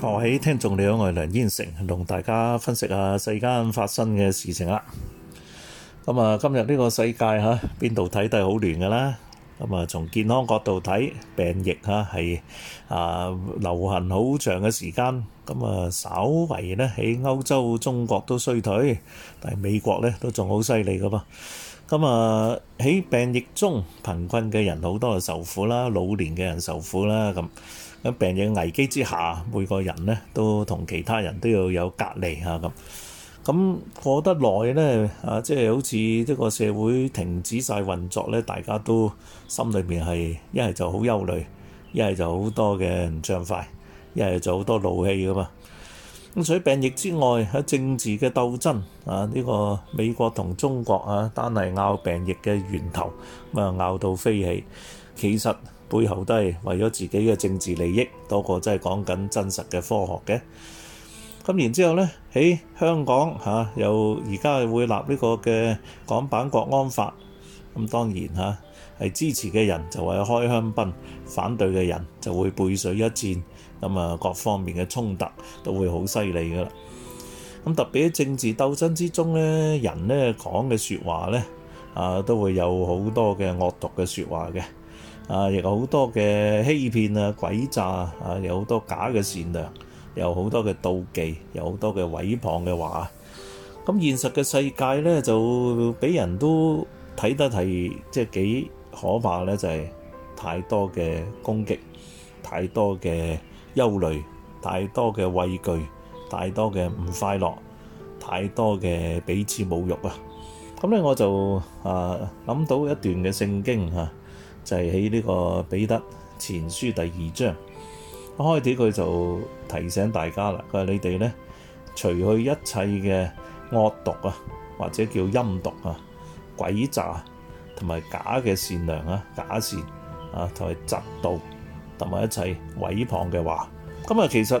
各位聽眾你好，我係梁燕城，同大家分析下世間發生嘅事情啦。咁啊，今日呢個世界吓，邊度睇都係好亂噶啦。咁啊，從健康角度睇，病疫吓係啊流行好長嘅時間。咁啊，稍為咧喺歐洲、中國都衰退，但係美國咧都仲好犀利噶噃。咁啊，喺病疫中，貧困嘅人好多係受苦啦，老年嘅人受苦啦，咁。喺病疫危機之下，每個人咧都同其他人都要有隔離嚇咁。咁過得耐咧，啊，即係好似呢個社會停止曬運作咧，大家都心裏邊係一係就好憂慮，一係就好多嘅唔暢快，一係就好多怒氣噶嘛。咁除咗病疫之外，喺政治嘅鬥爭啊，呢個美國同中國啊，單係拗病疫嘅源頭，咁啊拗到飛起，其實～背後都係，為咗自己嘅政治利益，多過真係講緊真實嘅科學嘅。咁然之後呢，喺香港吓、啊，又而家會立呢個嘅港版國安法。咁、啊、當然吓，係、啊、支持嘅人就係開香檳，反對嘅人就會背水一戰。咁啊，各方面嘅衝突都會好犀利噶啦。咁、啊、特別喺政治鬥爭之中呢，人呢講嘅說話呢，啊，都會有好多嘅惡毒嘅說話嘅。啊，亦有好多嘅欺騙啊、詭詐啊，啊有好多假嘅善良，有好多嘅妒忌，有好多嘅毀謗嘅話。咁、啊、現實嘅世界呢，就俾人都睇得係即係幾可怕呢就係、是、太多嘅攻擊，太多嘅憂慮，太多嘅畏懼，太多嘅唔快樂，太多嘅彼此侮辱啊。咁、啊、呢，我就啊諗到一段嘅聖經嚇、啊。就係喺呢個彼得前書第二章開始，佢就提醒大家啦。佢話：你哋呢，除去一切嘅惡毒啊，或者叫陰毒啊、詭詐啊，同埋假嘅善良啊、假善啊，同埋嫉妒，同埋一切毀謗嘅話。今日其實。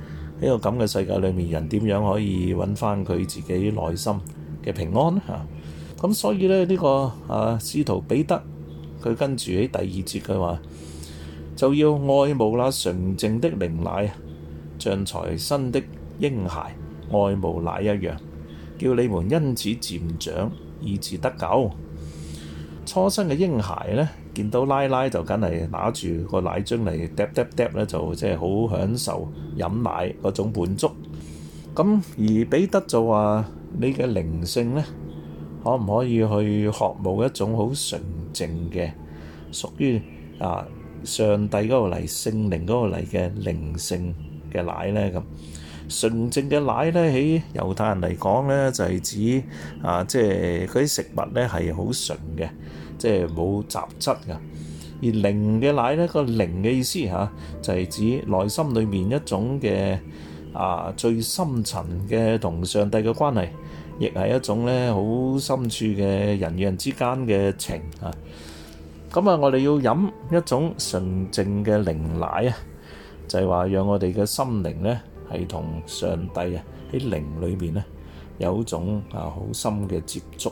呢個咁嘅世界裏面，人點樣可以揾翻佢自己內心嘅平安咧？嚇、啊！咁所以咧，呢、這個啊，司徒彼得佢跟住喺第二節佢話，就要愛慕那純淨的靈奶，像才生的嬰孩愛慕奶一樣，叫你們因此漸長，以致得久。初生嘅嬰孩咧，見到奶奶就梗係拿住個奶樽嚟嗒嗒嗒咧，就即係好享受飲奶嗰種滿足。咁而彼得就話：你嘅靈性咧，可唔可以去學慕一種好純淨嘅屬於啊上帝嗰個嚟聖靈嗰個嚟嘅靈性嘅奶咧？咁純淨嘅奶咧，喺猶太人嚟講咧，就係指啊，即係嗰啲食物咧係好純嘅。即係冇雜質嘅，而靈嘅奶咧，個靈嘅意思嚇就係指內心裏面一種嘅啊最深層嘅同上帝嘅關係，亦係一種咧好深處嘅人與人之間嘅情啊。咁啊，我哋要飲一種純正嘅靈奶啊，就係話讓我哋嘅心靈咧係同上帝啊喺靈裏面咧有種啊好深嘅接觸。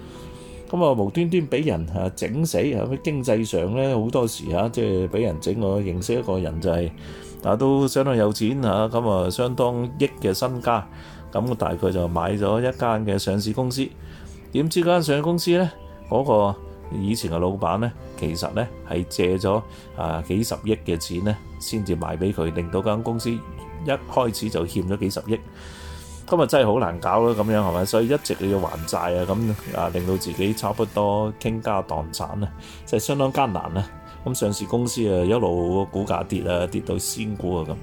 咁啊，無端端俾人吓整死吓，經濟上呢，好多時吓，即係俾人整。我認識一個人就係、是，嗱都相當有錢吓，咁啊相當億嘅身家，咁大概就買咗一間嘅上市公司。點知間上市公司呢，嗰、那個以前嘅老闆呢，其實呢係借咗啊幾十億嘅錢呢先至賣俾佢，令到間公司一開始就欠咗幾十億。今日真係好難搞咯，咁樣係咪？所以一直你要還債啊，咁啊令到自己差不多傾家蕩產啊，就係相當艱難啦。咁上市公司啊，一路股價跌啊，跌到仙股啊咁。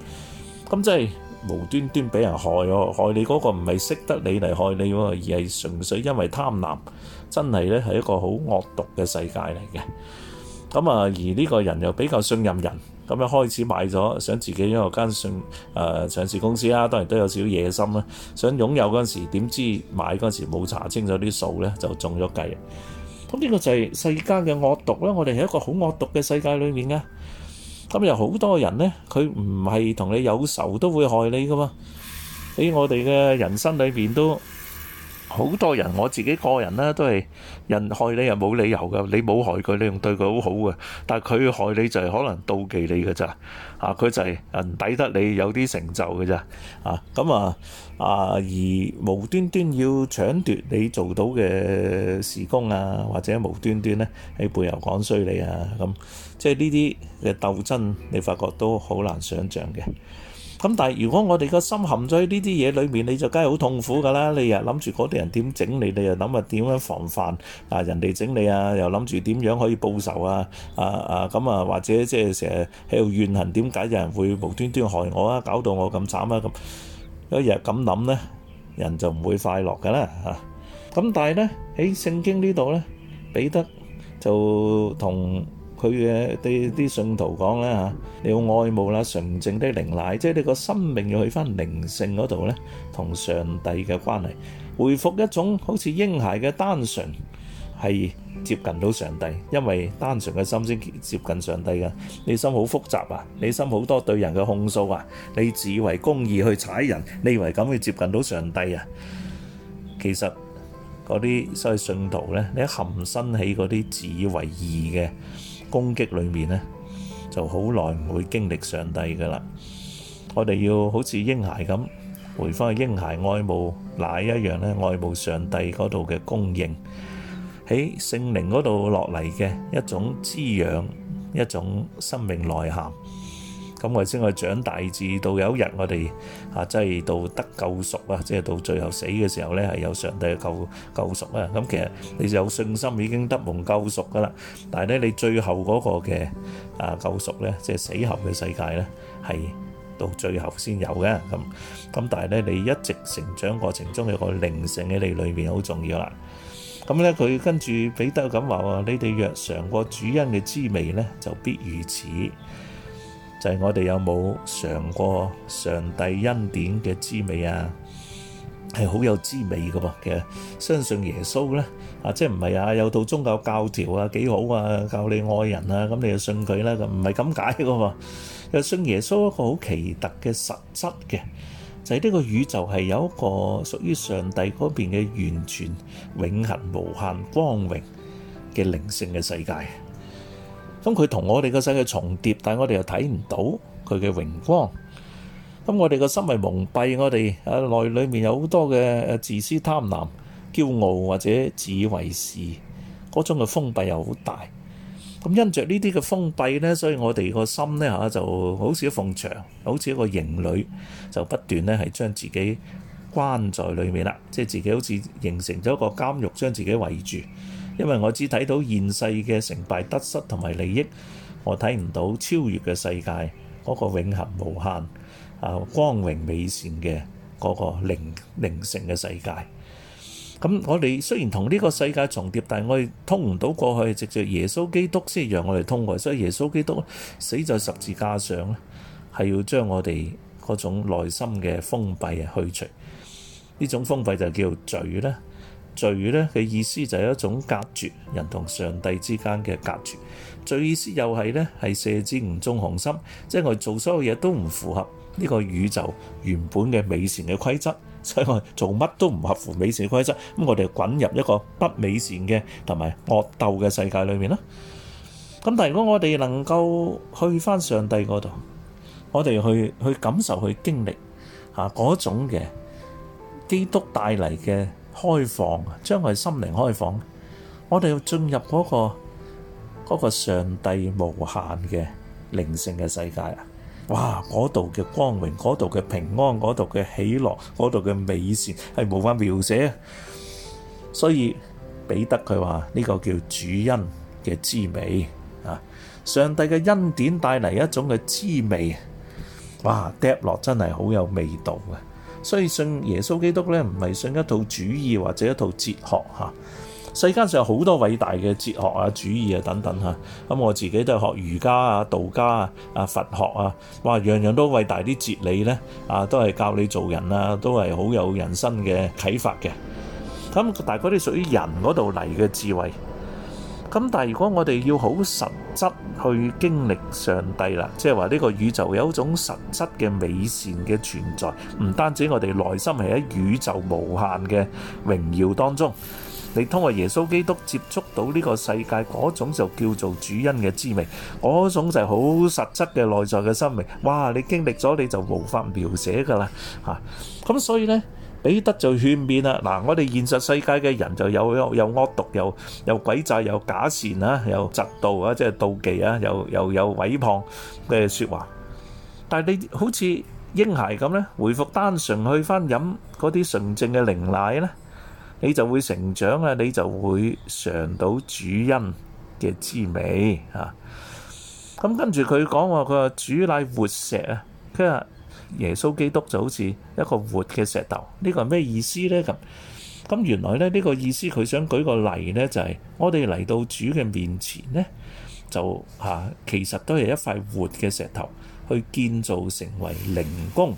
咁即係無端端俾人害咗，害你嗰個唔係識得你嚟害你喎，而係純粹因為貪婪。真係咧係一個好惡毒嘅世界嚟嘅。咁啊，而呢個人又比較信任人。咁樣開始買咗，想自己擁有間上誒上市公司啦，當然都有少野心啦。想擁有嗰陣時，點知買嗰陣時冇查清楚啲數咧，就中咗計。咁呢個就係世間嘅惡毒啦。我哋喺一個好惡毒嘅世界裏面嘅，咁有好多人咧，佢唔係同你有仇都會害你噶嘛。喺我哋嘅人生裏邊都。好多人，我自己個人咧都係人害你又冇理由噶，你冇害佢，你仲對佢好好噶。但係佢害你就係可能妒忌你噶咋啊？佢就係人抵得你有啲成就噶咋啊？咁啊啊而無端端要搶奪你做到嘅事工啊，或者無端端咧喺背後講衰你啊咁、啊，即係呢啲嘅鬥爭，你發覺都好難想像嘅。咁但係如果我哋個心陷在呢啲嘢裏面，你就梗係好痛苦㗎啦！你又諗住嗰啲人點整你，你又諗啊點樣防範啊人哋整你啊，又諗住點樣可以報仇啊啊啊咁啊，或者即係成日喺度怨恨點解有人會無端端害我啊，搞到我咁慘啊咁，一日咁諗咧，人就唔會快樂㗎啦嚇。咁但係咧喺聖經呢度咧，彼得就同佢嘅啲啲信徒講咧嚇，你要愛慕啦，純淨的靈奶，即係你個生命要去返靈性嗰度咧，同上帝嘅關係，回復一種好似嬰孩嘅單純，係接近到上帝，因為單純嘅心先接近上帝㗎。你心好複雜啊，你心好多對人嘅控訴啊，你自以為公義去踩人，你以為咁去接近到上帝啊？其實嗰啲所謂信徒咧，你含身起嗰啲自以為義嘅攻擊裏面呢，就好耐唔會經歷上帝㗎喇。我哋要好似嬰孩咁，回翻去嬰孩愛慕奶一樣呢，愛慕上帝嗰度嘅供應，喺聖靈嗰度落嚟嘅一種滋養，一種生命內涵。咁我先，我長大至到有一日我哋啊，即係到得救贖啊，即係到最後死嘅時候咧，係有上帝救救贖啊。咁其實你就有信心已經得蒙救贖噶啦。但係咧，你最後嗰個嘅啊救贖咧，即係死後嘅世界咧，係到最後先有嘅。咁，咁，但係咧，你一直成長過程中嘅個靈性喺你裏面好重要啦。咁咧，佢跟住彼得咁話喎：你哋若嘗過主恩嘅滋味咧，就必如此。就係我哋有冇嘗過上帝恩典嘅滋味啊？係好有滋味噶噃。其實相信耶穌咧，啊即係唔係啊？有套宗教教條啊，幾好啊？教你愛人啊，咁你就信佢啦？唔係咁解噶喎。又信耶穌一個好奇特嘅實質嘅，就係呢個宇宙係有一個屬於上帝嗰邊嘅完全、永恆、無限、光榮嘅靈性嘅世界。咁佢同我哋個世界重疊，但係我哋又睇唔到佢嘅榮光。咁我哋個心被蒙蔽，我哋啊內裏面有好多嘅自私貪婪、驕傲或者自以為是，嗰種嘅封閉又好大。咁因着呢啲嘅封閉呢，所以我哋個心呢嚇就好似一埲牆，好似一個營壘，就不斷咧係將自己關在裏面啦，即係自己好似形成咗一個監獄，將自己圍住。因為我只睇到現世嘅成敗得失同埋利益，我睇唔到超越嘅世界嗰個永恆無限啊，光榮美善嘅嗰個靈靈性嘅世界。咁我哋雖然同呢個世界重疊，但係我哋通唔到過去，直接耶穌基督先讓我哋通過去。所以耶穌基督死在十字架上咧，係要將我哋嗰種內心嘅封閉啊去除。呢種封閉就叫罪啦。罪語咧嘅意思就係一種隔絕，人同上帝之間嘅隔絕。罪意思又係呢，係射箭唔中紅心，即係我哋做所有嘢都唔符合呢個宇宙原本嘅美善嘅規則，所以我哋做乜都唔合乎美善嘅規則，咁我哋滾入一個不美善嘅同埋惡鬥嘅世界裏面啦。咁但係如果我哋能夠去返上帝嗰度，我哋去去感受去經歷吓嗰種嘅基督帶嚟嘅。開放，將我心靈開放，我哋要進入嗰個嗰個上帝無限嘅靈性嘅世界啊！哇，嗰度嘅光榮，嗰度嘅平安，嗰度嘅喜樂，嗰度嘅美善，係冇法描寫啊！所以彼得佢話呢個叫主恩嘅滋味啊，上帝嘅恩典帶嚟一種嘅滋味，哇，跌落真係好有味道啊！所以信耶穌基督咧，唔係信一套主義或者一套哲學嚇。世間上有好多偉大嘅哲學啊、主義啊等等嚇。咁我自己都係學儒家啊、道家啊、啊佛學啊，哇，樣樣都偉大啲哲理咧，啊，都係教你做人啊，都係好有人生嘅啟發嘅。咁，大概啲屬於人嗰度嚟嘅智慧。咁但係如果我哋要好實質去經歷上帝啦，即係話呢個宇宙有一種實質嘅美善嘅存在，唔單止我哋內心係喺宇宙無限嘅榮耀當中，你通過耶穌基督接觸到呢個世界，嗰種就叫做主恩嘅滋味，嗰種就係好實質嘅內在嘅生命。哇！你經歷咗你就無法描寫噶啦嚇，咁所以呢。彼得就勸勉啦，嗱，我哋現實世界嘅人就又有有惡毒，又又詭詐，又假善啊，又嫉妒啊，即係妒忌啊，又又有毀謗嘅説話。但係你好似嬰孩咁咧，回復單純去翻飲嗰啲純正嘅靈奶咧，你就會成長啊，你就會嚐到主恩嘅滋味啊。咁跟住佢講話，佢話主乃活石啊，佢話。耶穌基督就好似一個活嘅石頭，呢個係咩意思呢？咁咁原來咧，呢個意思，佢想舉個例呢，就係我哋嚟到主嘅面前呢，就嚇其實都係一塊活嘅石頭，去建造成為靈宮。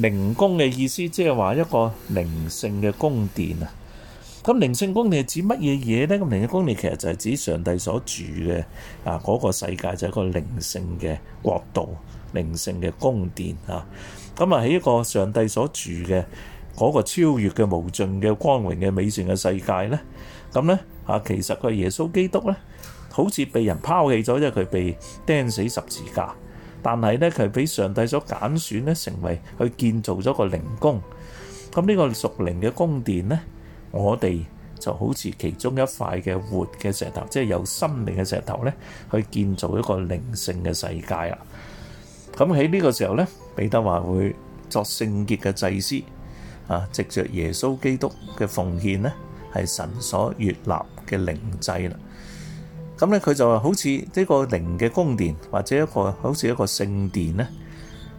靈宮嘅意思即係話一個靈性嘅宮殿啊。咁靈性宮殿係指乜嘢嘢呢？咁靈性宮殿其實就係指上帝所住嘅啊嗰個世界，就係一個靈性嘅國度。靈性嘅宮殿啊！咁啊喺一個上帝所住嘅嗰個超越嘅無盡嘅光榮嘅美善嘅世界呢，咁呢啊，其實佢耶穌基督呢好似被人拋棄咗，因為佢被釘死十字架。但係呢，佢俾上帝所揀選呢，成為去建造咗個靈宮。咁呢個屬靈嘅宮殿呢，我哋就好似其中一塊嘅活嘅石頭，即係有心靈嘅石頭呢，去建造一個靈性嘅世界啊！咁喺呢個時候咧，彼得話會作聖潔嘅祭司啊，藉著耶穌基督嘅奉獻咧，係神所悅納嘅靈祭啦。咁咧，佢就話好似呢個靈嘅宮殿，或者一個好似一個聖殿咧，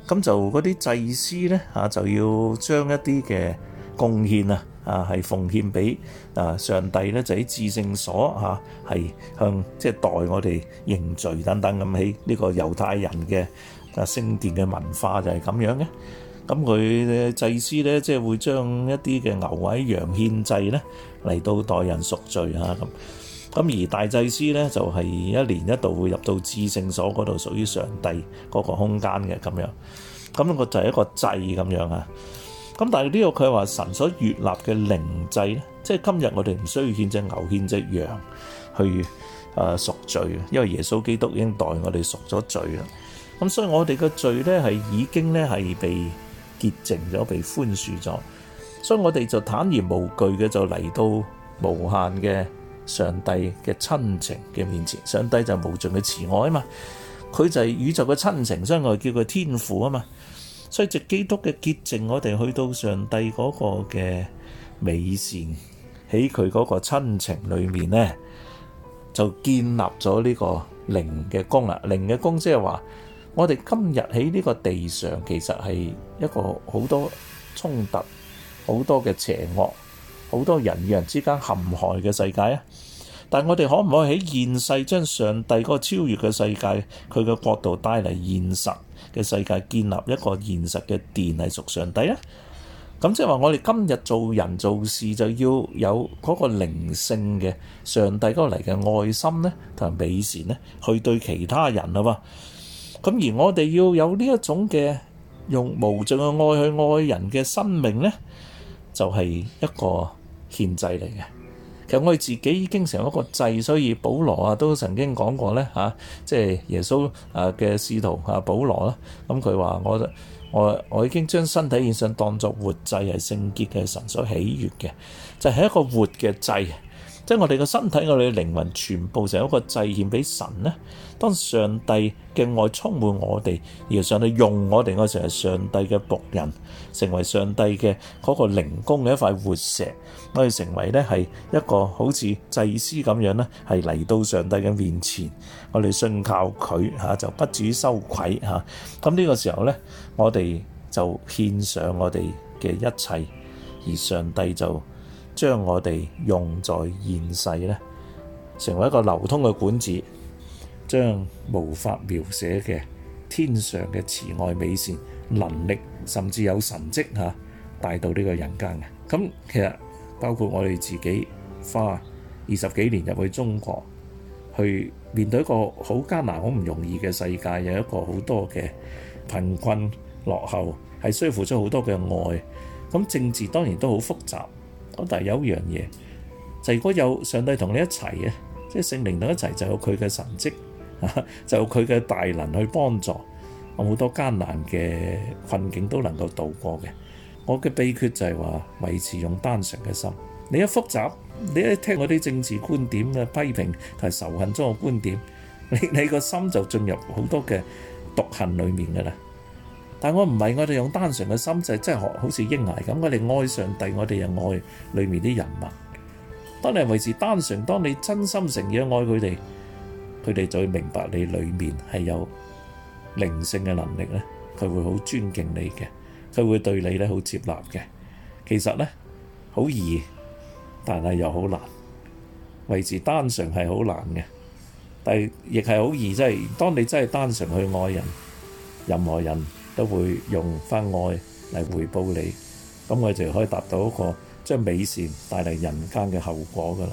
咁就嗰啲祭司咧啊，就要將一啲嘅貢獻啊啊，係奉獻俾啊上帝咧，就喺至聖所啊，係向即係代我哋認罪等等，咁喺呢個猶太人嘅。啊，聖殿嘅文化就係咁樣嘅，咁佢嘅祭司咧，即係會將一啲嘅牛或羊獻祭咧，嚟到代人贖罪嚇咁。咁而大祭司咧，就係一年一度會入到至聖所嗰度，屬於上帝嗰個空間嘅咁樣。咁呢個就係一個祭咁樣啊。咁但係呢個佢話神所立嘅靈祭咧，即係今日我哋唔需要獻隻牛獻隻羊去誒贖罪，因為耶穌基督已經代我哋贖咗罪啦。咁、嗯、所以我哋嘅罪呢，係已經咧係被潔淨咗、被寬恕咗，所以我哋就坦然無懼嘅就嚟到無限嘅上帝嘅親情嘅面前，上帝就無盡嘅慈愛啊嘛，佢就係宇宙嘅親情相愛，所以我叫佢天父啊嘛，所以藉基督嘅潔淨，我哋去到上帝嗰個嘅美善喺佢嗰個親情裏面呢，就建立咗呢個靈嘅功啊，靈嘅功即係話。我哋今日喺呢個地上，其實係一個好多衝突、好多嘅邪惡、好多人與人之間陷害嘅世界啊。但係我哋可唔可以喺現世將上帝嗰個超越嘅世界，佢嘅角度帶嚟現實嘅世界，建立一個現實嘅殿係屬上帝呢？咁即係話，我哋今日做人做事就要有嗰個靈性嘅上帝嗰嚟嘅愛心呢，同埋美善呢，去對其他人啊嘛。咁而我哋要有呢一種嘅用無盡嘅愛去愛人嘅生命咧，就係一個獻祭嚟嘅。其實我哋自己已經成一個祭，所以保羅啊都曾經講過咧嚇、啊，即係耶穌啊嘅使徒啊保羅啦，咁佢話我我我已經將身體現象當作活祭，係聖潔嘅神所喜悅嘅，就係一個活嘅祭。即係我哋嘅身體，我哋嘅靈魂，全部成一個祭獻俾神咧。當上帝嘅愛充滿我哋，而上帝用我哋嗰時候，上帝嘅僕人成為上帝嘅嗰個靈宮嘅一塊活石，我哋成為咧係一個好似祭司咁樣咧，係嚟到上帝嘅面前，我哋信靠佢吓、啊，就不至於羞愧吓。咁、啊、呢個時候咧，我哋就獻上我哋嘅一切，而上帝就。將我哋用在現世呢，成為一個流通嘅管子，將無法描寫嘅天上嘅慈愛美善能力，甚至有神跡吓帶到呢個人間嘅。咁其實包括我哋自己花二十幾年入去中國，去面對一個好艱難、好唔容易嘅世界，有一個好多嘅貧困落後，係需付出好多嘅愛。咁政治當然都好複雜。但係有一樣嘢，就如果有上帝同你一齊嘅，即係聖靈同你一齊，就有佢嘅神蹟， 就有佢嘅大能去幫助，好多艱難嘅困境都能夠度過嘅。我嘅秘訣就係話維持用單純嘅心，你一複雜，你一聽我啲政治觀點嘅批評同埋仇恨中嘅觀點，你你個心就進入好多嘅毒恨裡面㗎喇。但係我唔係我哋用單純嘅心，就真係學好似嬰孩咁。我哋愛上帝，我哋又愛裏面啲人物。當你維持單純，當你真心誠意愛佢哋，佢哋就會明白你裏面係有靈性嘅能力咧。佢會好尊敬你嘅，佢會對你咧好接納嘅。其實咧，好易，但係又好難。維持單純係好難嘅，但係亦係好易。即係當你真係單純去愛人，任何人。都會用翻愛嚟回報你，咁我就可以達到一個將美善帶嚟人間嘅後果噶啦。